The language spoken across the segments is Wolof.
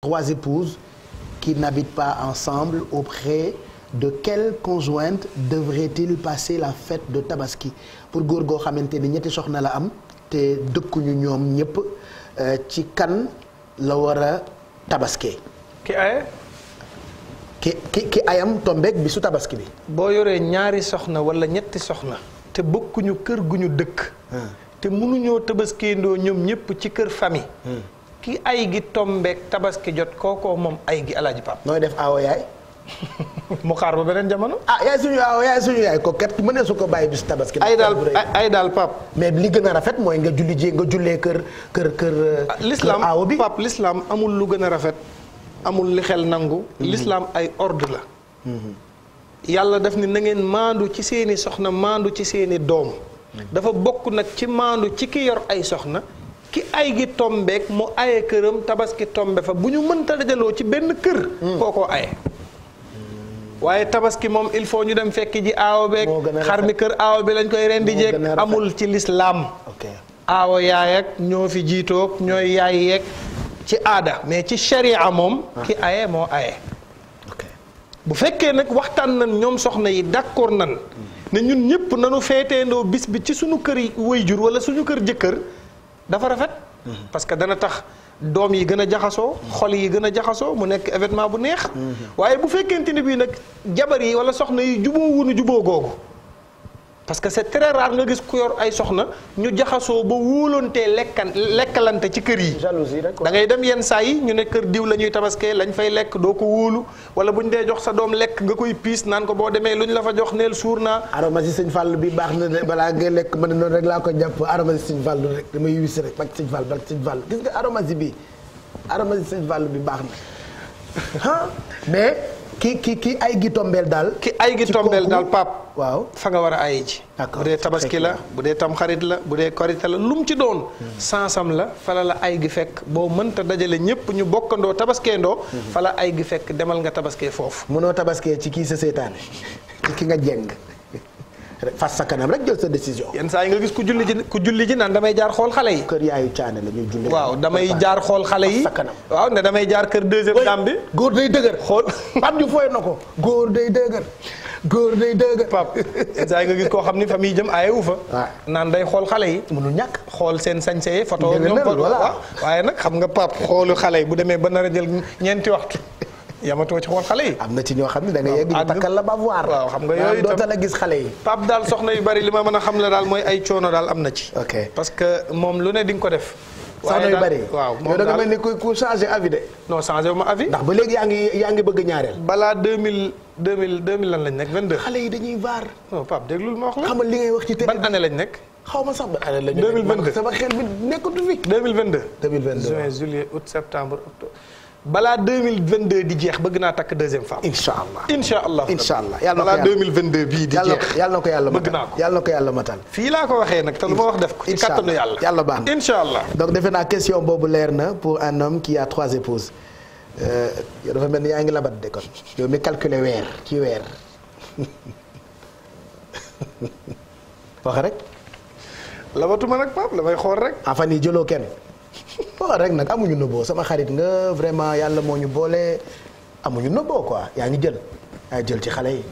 trois épouses qui n'habitent pas ensemble auprès de quelle conjointe devrait-il passer la fête de Tabaski pour góor goo xamante ni ñetti soxna la am te dëkkuñu ñoom ñëpp euh, ci kan la war a tabaskee. ki ayam tombeeg bi su tabaski bi. boo yoree ñaari soxna wala ñetti soxna. te bokkuñu kër gu ñu dëkk. te mënuñoo tabaskendoo ñoom ñëpp ci kër famille. ki ay gi tombeek tabaski jot kookoo moom ay gi alaaji pap nooy def aawo yaay mu xaar ba beneen jamono ah yaay suñu aawo yaay suñu yaay ko kat mën ne su ko bàyyi bis tabaski ay daal ay daal pap mais li gën a rafet mooy nga julli jee nga julee kër kër kër ah, l'islam aawo bi pap l'islam amul lu gën a rafet amul li xel nangu mhm. lislaam ay ordre la mhm. yàlla daf ni na ngeen maandu ci seeni soxna maandu ci seeni doom mhm. dafa bokk nag ci maandu ci ki yor ay soxna ki ay gi tombeek mu aye këram tabaski tombe fa bu ñu mënta dajaloo ci benn kër hmm. kookoo aye waaye tabaski moom il faut ñu dem fekki ji aawo beeg xar ni kër aawo bi lañ koy rendi jeeg amul ci lislaam aawo yaay ñoo fi jiitoog ñooy yaay yeeg ci aada mais ci sharia moom ah. ki aye moo aye bu fekkee nag waxtaan nan ñoom soxna yi d'accord nan hmm. ne ñun ñëpp nanu feeteendoo bis bi ci suñu kër wayjur wala suñu kër jëkkër dafa rafet. Mhm. parce que dana tax doom yi gën a jaxasoo. Mhm. xol yi gën a jaxasoo mu nekk événement bu neex. Mhm. waaye bu fekkente ni bii nag jabar yi wala soxna yi juboo wuñu juboo googu. parce que c'est très rare nga gis ku yor ay soxna ñu jaxasoo ba wóolontee lekkan lekkalante ci kër yi da ngay dem yenn saa yi ñu ne kër diw la ñuy tabaskee lañ fay lekk doo ko wóolu wala bu ñu dee jox sa doom lekk nga koy piis naan ko boo demee lu ñu la fa jox neel suur naa aromasi sëñ Fall bi baax na de balaa ngay lekk man noonu rek laa ko jàpp aromasi sëñ Fall rek damay wis rek bak sëñ Fall bak sëñ Fall gis nga aromasi bi aromasi sëñ Fall bi baax na ki ki ki ay gi tombeel daal. ki ay gi tombeel daal pap waaw fa nga war a aye ji. bu dee tabaski la bu dee tamxarit la bu dee korite la lu mu ci doon. Hmm. sansam la fala la ay gi fekk boo mënta dajale ñëpp ñu bokkandoo tabaskeendoo. Hmm. fala ay gi fekk demal nga tabaskee foofu. mënoo tabaskee ci kii sa seetaane ci ki nga jeng. fas sa kanam rek jël sa décision. yenn saa yi nga gis ku julli ji ku julli ji naan damay jaar xool xale yi. kër yaayu caane la ñuy julli. waaw damay jaar xool xale yi waaw ne damay jaar kër deuxième dame bi. góor day dëgër xool Pape Diouf na ko góor day dëgër. góor day dëgg. Pape saa yi nga gis koo xam ni fa muy jëm aayewu fa. naan day xool xale yi. munu ñàkk xool seen sañse yi photo ñoom waaye nag xam nga Pape xoolu xale yi bu demee ba nar a jël ñeenti waxtu. yamatoo ci xool xale yi. am na ci ñoo xam ne da nga yegg ñu la ba voir. waaw xam nga yooyu itam dootal a gis xale yi. Pape daal soxna bari li ma mën a xam la daal mooy ay coono daal am na ci. ok parce que moom lu ne di nga ko def. soxna yu bari waaw moom daal da nga mel ni ku ba léegi yaa ngi yaa ngi bëgg ñaareel. balaa 2000 2000 2000 lan lañ nekk 22. xale yi dañuy vaar. non Pape déglul ma wax la. xamal li lañ nekk. xaw ma sax ba année lañ nekk. 2022 fi. 2022. 2022 juin juillet août septembre octobre balaa deux mille vingt deux di jeex bëgg naa takk deuxième femme. incha allah incha allah incha allah yàlla na ko yàlla balaa deux mille vingt deux bii di ko yàlla matal fii laa ko waxee nag te lu ma wax def ko. ci kattanu yàlla yàlla baax na incha allah. donc defe naa question boobu leer na pour un homme qui a trois épouses yow euh, dafa mel ni yaa ngi labat de kon yow mi calculer weer ci weer wax rek. labatuma nag Pape la may xool rek. afa ah, yi jëloo kenn. bon rek nag amuñu nëbboo sama xarit nga vraiment yàlla moo ñu boole amuñu nëbboo quoi yaa ngi jël yaa jël ci xale yi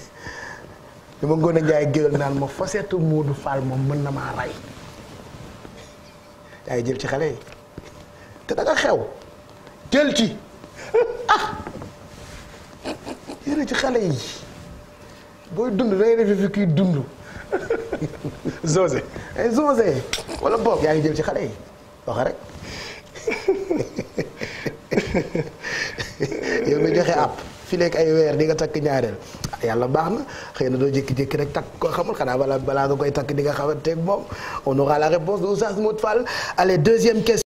li ma ngoon a njaay géwél naan ma faseetu Moodu Fall moom mën na maa rey yaa ngi jël ci xale yi te da xew jël ci ah! ci xale yi booy dund dangay def fi kuy dund Zosé ay Zosé wala boog yaa ngi jël ci xale yi wax rek yow mi joxe àpp fi lekk ay weer di nga takk ñaareel yàlla baax na xëy na doo jékki-jékki rek takk koo xamul xanaa balaa balaa nga koy takk dinga nga xamanteeg moom on aura la réponse de Oustaz Modou Fall allez deuxième question